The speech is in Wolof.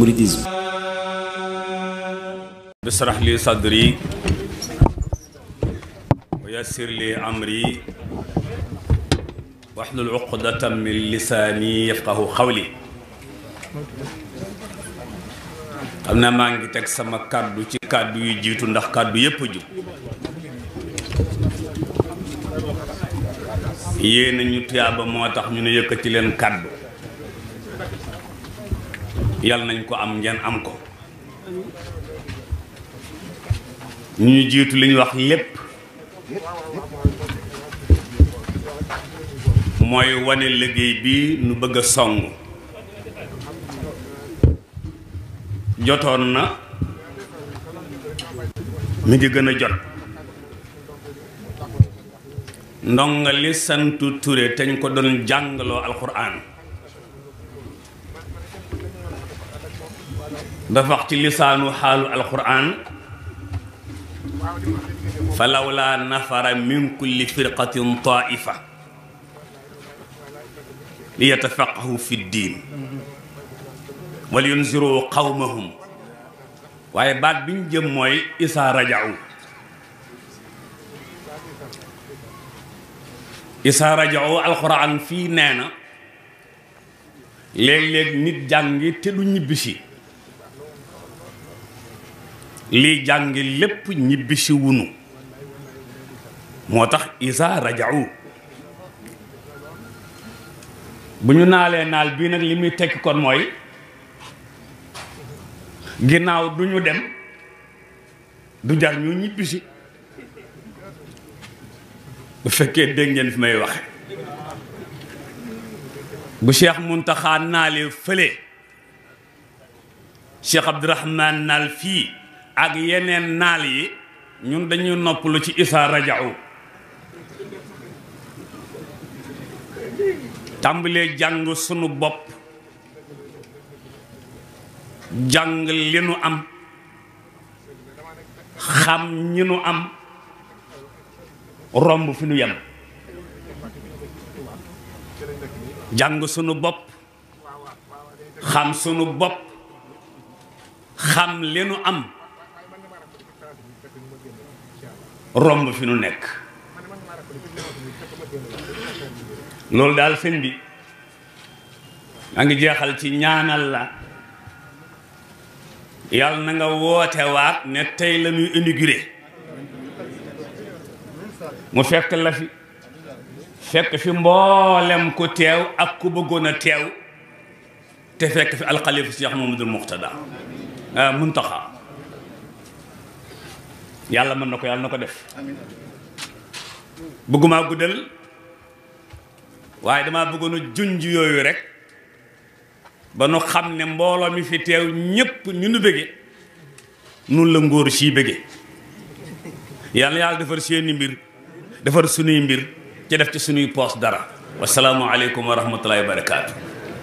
مريديزم بسرح لي صدري ويسر لي أمري وحن العقدة من لساني يفقه قولي أنا ما عندك سما كادو شيء كادو يجي تندخ كادو يبجو يين نيوتيابا مواتخ نيوكتلين كادو yàlla nañ ko am ngeen am ko ñu ñu jiitu li ñu wax lépp mooy wone liggéey bi nu bëgg a song jotoon na mi ngi gën a jot li santu ture te ñu ko doon jàngaloo alxuraan dafa wax ci lisaanu xaalu alquran falawla nafara min kulli firqatin taifa liyatafaqahu fi ddin waliyunziru qawmahum waaye baat bi ñu jëm mooy isa rajau isa rajau alquran fii nee na léeg-léeg nit jàngi te du ñibbisi lii jàng lépp ñibbisi wunu moo tax isa rajau bu ñu naalee naal bii nag li muy tekki kon mooy ginnaaw du ñu dem du jar ñu ñibbisi bu fekkee dégg fi may wax bu Cheikh Muntaxa naalee fële Cheikh Abdourahman naal fii ak yeneen naal yi ñu dañuy noppalu ci isaa rajau tàmbalee jàng sunu bopp jàng li nu am xam ñi nu am romb fi nu yem jàng sunu bopp xam sunu bopp xam leenu am romb fi nu nek lol dal sëñ bi maa ngi jéxal ci ñaanal la yal na nga wote waat ne tay la ñuy inauguré mu fekk la fi fekk fi mbollem ku tew ak ku bëggona tew te fekk fi al khalifa Cheikh mohammed al muqtada Euh, muntaxa yàlla man na ko yàlla na ko def bëgguma guddal waaye damaa bëggoon a junj yooyu rek ba nu xam ne mbooloo mi fi teew ñépp ñu nu bëgge nun la ngóor sii bëgge yàlla yàlla defar seeni mbir defar sunuy mbir ca def ci sunuy poos dara wasalaamu aleykum wa rahmatullahi wa barakaatu